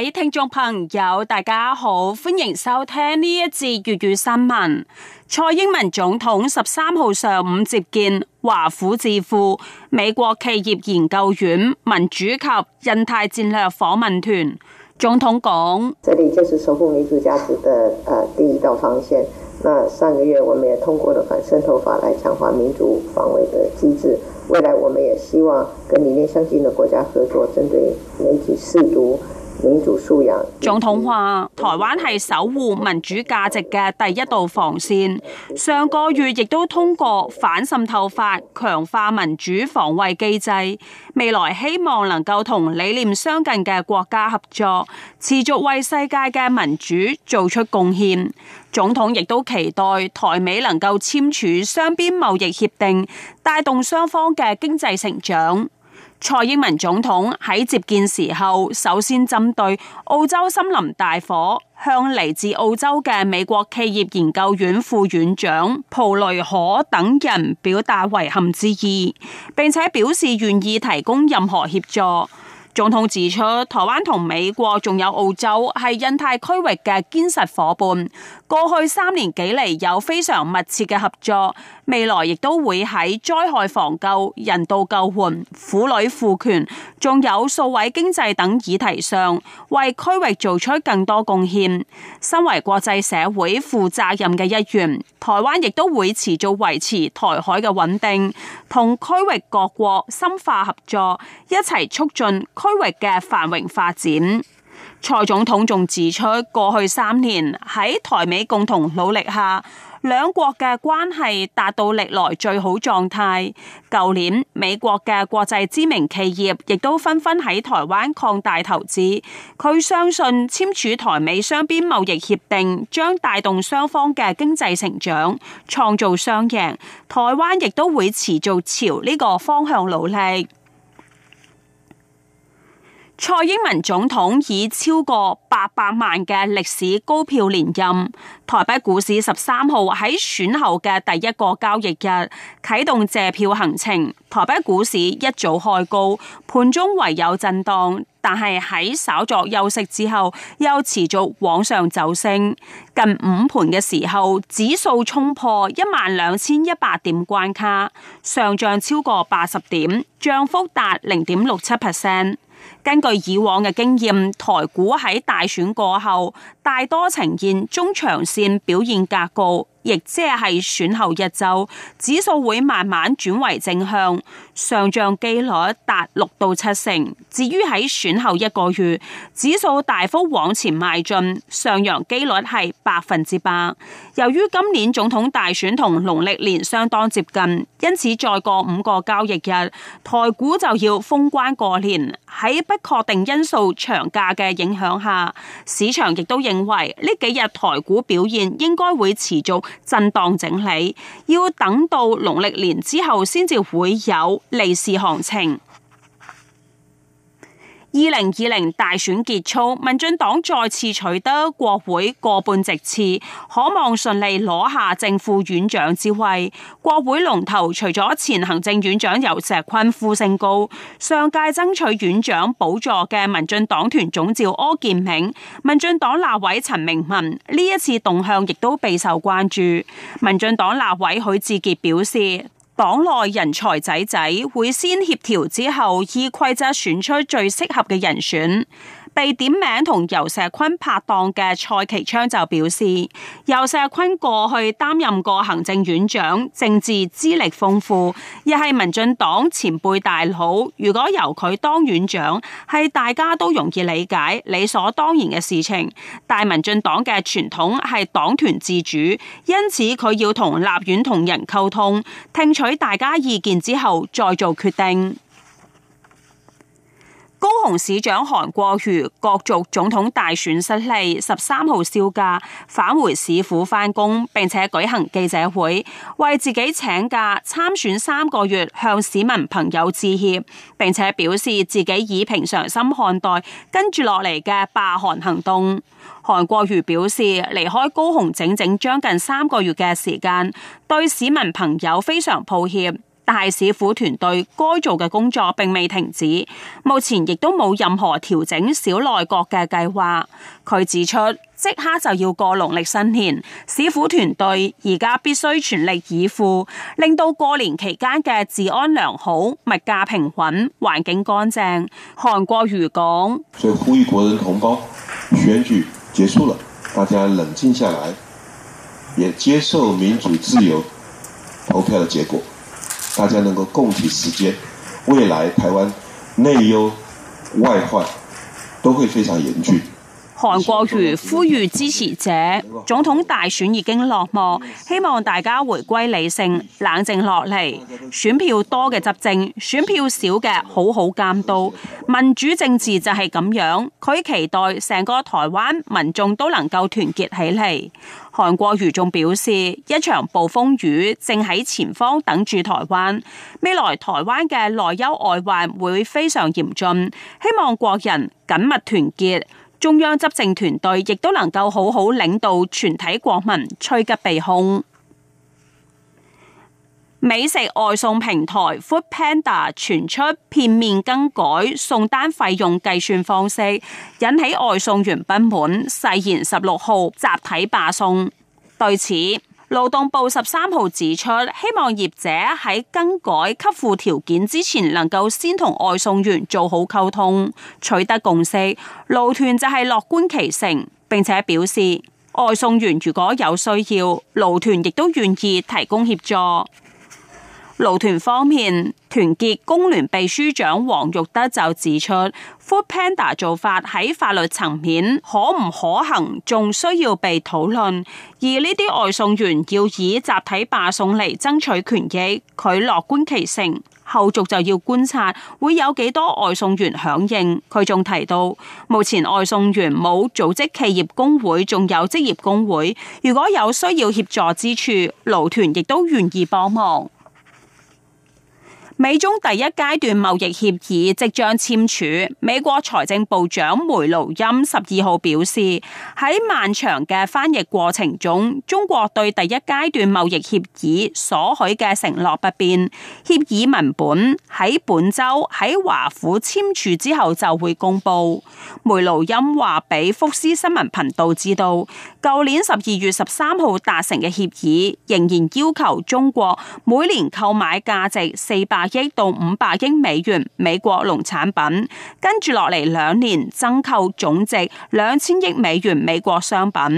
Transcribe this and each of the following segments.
各位聽眾朋友，大家好，歡迎收聽呢一節粵語新聞。蔡英文總統十三號上午接見華府智庫、美國企業研究院、民主及印太戰略訪問團。總統講：這裏就是守護民主價值的第一道防線。那上個月我們也通過了反滲透法來強化民主防衛的機制。未來我們也希望跟理念相近的國家合作，針對美企施毒。民主素總統話：台灣係守護民主價值嘅第一道防線。上個月亦都通過反滲透法，強化民主防衛機制。未來希望能夠同理念相近嘅國家合作，持續為世界嘅民主做出貢獻。總統亦都期待台美能夠簽署雙邊貿易協定，帶動雙方嘅經濟成長。蔡英文總統喺接見時候，首先針對澳洲森林大火，向嚟自澳洲嘅美國企業研究院副院長蒲雷可等人表達遺憾之意，並且表示願意提供任何協助。總統指出，台灣同美國仲有澳洲係印太區域嘅堅實伙伴，過去三年幾嚟有非常密切嘅合作。未來亦都會喺災害防救、人道救援、婦女賦權，仲有數位經濟等議題上，為區域做出更多貢獻。身為國際社會負責任嘅一員，台灣亦都會持續維持台海嘅穩定，同區域各國深化合作，一齊促進區域嘅繁榮發展。蔡總統仲指出，過去三年，喺台美共同努力下，兩國嘅關係達到歷來最好狀態。舊年，美國嘅國際知名企業亦都紛紛喺台灣擴大投資。佢相信簽署台美雙邊貿易協定將帶動雙方嘅經濟成長，創造雙贏。台灣亦都會持續朝呢個方向努力。蔡英文總統以超過八百萬嘅歷史高票連任。台北股市十三號喺選後嘅第一個交易日啟動謝票行情。台北股市一早開高，盤中唯有震盪，但係喺稍作休息之後，又持續往上走升。近五盤嘅時候，指數衝破一萬兩千一百點關卡，上漲超過八十點，漲幅達零點六七 percent。根據以往嘅經驗，台股喺大選過後大多呈現中長線表現格局，亦即係選後日周指數會慢慢轉為正向。上漲機率達六到七成，至於喺選後一個月，指數大幅往前邁進，上揚機率係百分之百。由於今年總統大選同農曆年相當接近，因此再過五個交易日，台股就要封關過年。喺不確定因素長假嘅影響下，市場亦都認為呢幾日台股表現應該會持續震蕩整理，要等到農曆年之後先至會有利是行情。二零二零大選結束，民進黨再次取得國會過半席次，可望順利攞下正副院長之位。國會龍頭除咗前行政院長游錫堃呼聲高，上屆爭取院長寶座嘅民進黨團總召柯建銘，民進黨立委陳明文呢一次動向亦都備受關注。民進黨立委許智傑表示。黨內人才仔仔會先協調之後，依規則選出最適合嘅人選。被點名同游錫堃拍檔嘅蔡其昌就表示，游錫堃過去擔任過行政院長，政治資歷豐富，亦係民進黨前輩大佬。如果由佢當院長，係大家都容易理解、理所當然嘅事情。但民進黨嘅傳統係黨團自主，因此佢要同立院同人溝通，聽取大家意見之後再做決定。高雄市長韓國瑜角逐總統大選失利，十三號銷假，返回市府返工，並且舉行記者會，為自己請假參選三個月向市民朋友致歉，並且表示自己以平常心看待跟住落嚟嘅罷韓行動。韓國瑜表示離開高雄整整將近三個月嘅時間，對市民朋友非常抱歉。但係市府團隊該做嘅工作並未停止，目前亦都冇任何調整小內閣嘅計劃。佢指出，即刻就要過農曆新年，市府團隊而家必須全力以赴，令到過年期間嘅治安良好、物價平穩、環境乾淨。韓國瑜講，所以呼籲國人同胞，選舉結束了，大家冷靜下來，也接受民主自由投票嘅結果。大家能夠共體時艱，未來台灣內憂外患都會非常嚴峻。韓國瑜呼籲支持者，總統大選已經落幕，希望大家回歸理性，冷靜落嚟。選票多嘅執政，選票少嘅好好監督。民主政治就係咁樣。佢期待成個台灣民眾都能夠團結起嚟。韓國瑜仲表示，一場暴風雨正喺前方等住台灣，未來台灣嘅內憂外患會非常嚴峻，希望國人緊密團結。中央執政團隊亦都能夠好好領導全體國民，趨吉避兇。美食外送平台 Foodpanda 傳出片面更改送單費用計算方式，引起外送員不滿，誓言十六號集體罷送。對此，勞動部十三號指出，希望業者喺更改給付條件之前，能夠先同外送員做好溝通，取得共識。勞團就係樂觀其成，並且表示，外送員如果有需要，勞團亦都願意提供協助。勞團方面，團結工聯秘書長黃玉德就指出，Food Panda 做法喺法律層面可唔可行，仲需要被討論。而呢啲外送員要以集體罷送嚟爭取權益，佢樂觀其成。後續就要觀察會有幾多外送員響應。佢仲提到，目前外送員冇組織企業工會，仲有職業工會，如果有需要協助之處，勞團亦都願意幫忙。美中第一階段貿易協議即將簽署。美國財政部長梅努欽十二號表示，喺漫長嘅翻譯過程中，中國對第一階段貿易協議所許嘅承諾不變。協議文本喺本周喺華府簽署之後就會公佈。梅努欽話俾福斯新聞頻道知道，舊年十二月十三號達成嘅協議仍然要求中國每年購買價值四百。億到五百億美元美國農產品，跟住落嚟兩年增購總值兩千億美元美國商品。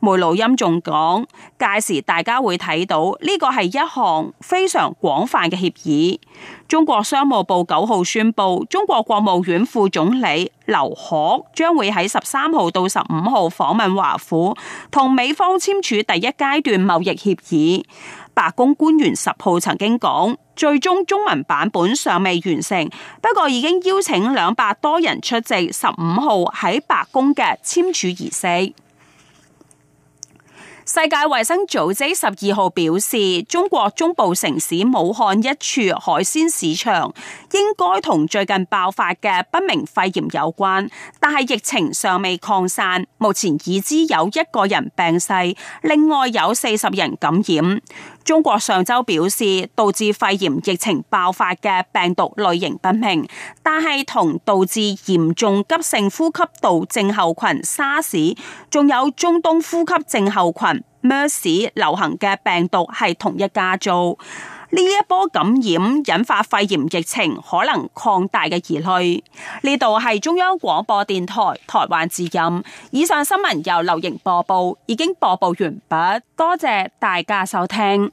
梅努欽仲講，屆時大家會睇到呢個係一項非常廣泛嘅協議。中國商務部九號宣布，中國國務院副總理劉鶴將會喺十三號到十五號訪問華府，同美方簽署第一階段貿易協議。白宮官員十號曾經講，最終中文版本尚未完成，不過已經邀請兩百多人出席十五號喺白宮嘅簽署儀式。世界衛生組織十二號表示，中國中部城市武漢一處海鮮市場應該同最近爆發嘅不明肺炎有關，但係疫情尚未擴散。目前已知有一個人病逝，另外有四十人感染。中國上周表示，導致肺炎疫情爆發嘅病毒類型不明，但係同導致嚴重急性呼吸道症候群沙士，仲有中東呼吸症候群，MERS 流行嘅病毒係同一家族，呢一波感染引發肺炎疫情可能擴大嘅疑慮。呢度係中央廣播電台台灣之音，以上新聞由劉瑩播報，已經播報完畢，多謝大家收聽。